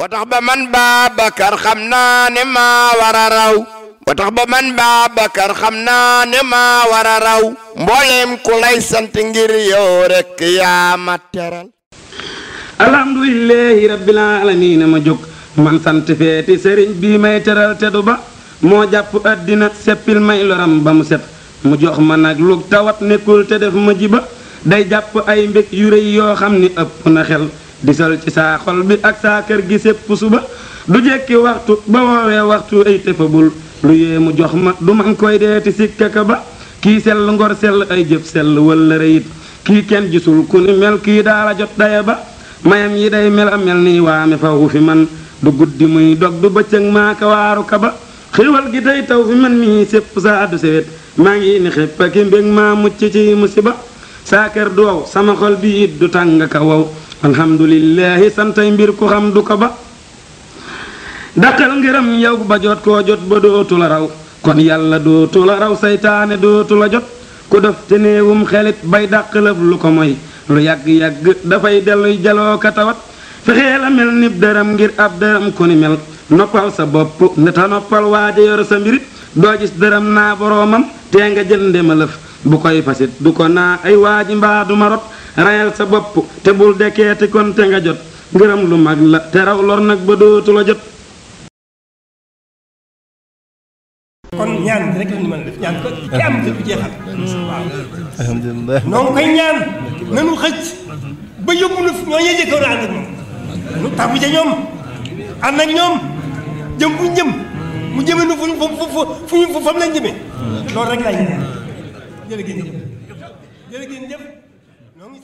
ba tax ba man baa Babacar xam naa ne ma war a raw ba tax ba man Babacar xam naa ne ma war a raw mbooleem ku lay sant ngir yow rek yaa ma teral alhamdulillahi rabbil alamin ma jóg man sant feeti sëriñ bii may teral te ba moo jàpp àddina seppil may loram ba mu set mu jox ma nag lu tawat nekkul te ma ji day jàpp ay mbég yu rëy yoo xam ni ëpp na xel di sol ci saa xol bi ak saa kër gi sépp suba du jekki waxtu ba woowee waxtu ay tëfabul lu yéemu jox ma du man koy deeti sikkaka ba kii sell ngor sell ay jëf sell wala rëyit kii kenn gisul ku mel kii daala jot daya ba mayam yi day mel a mel nii waame fawu fi man du guddi muy dog du bëccëg maaka waaru ka ba xéwal gi day taw fi man mii sépp saa du sewet maa ngi ni xépp ak mbég maa mucc ci musiba saa kër du wow sama xol bi it du tàng ka wow alhamdulillahi santay mbir ku xam du ko ba daqal ngërëm yow ba jot koo jot ba dootu la raw kon yàlla dootu la raw saytaane dootul a jot ku def te xelit bay dàqalëf lu ko moy lu yàgg-yàgg dafay delluy jaloo ka tawat fexee la mel nib dërëm ngir ab dërëm ku ni mel noppal sa bopp neta noppal waaja yor sa mbirit doo gis dërëm naa boroomam tee nga jënde ma lëf bu koy fasit du ko naa ay waaji mbaa du ma rot rayal sa bopp te bul dekkeeti kon te nga jot ngërëm lu mag la te raw lor nag ba dootu la jot kon ñaan rek lañu mën a def ñaan ko ci am ci jeexal noonu koy ñaan nanu xëcc ba yóbbu nu ñoo ñee jëkkoon ànd ak moom nu tàbbu ca ñoom ànd ak ñoom jëm bu jëm mu jëme nu fu fam lañ jëme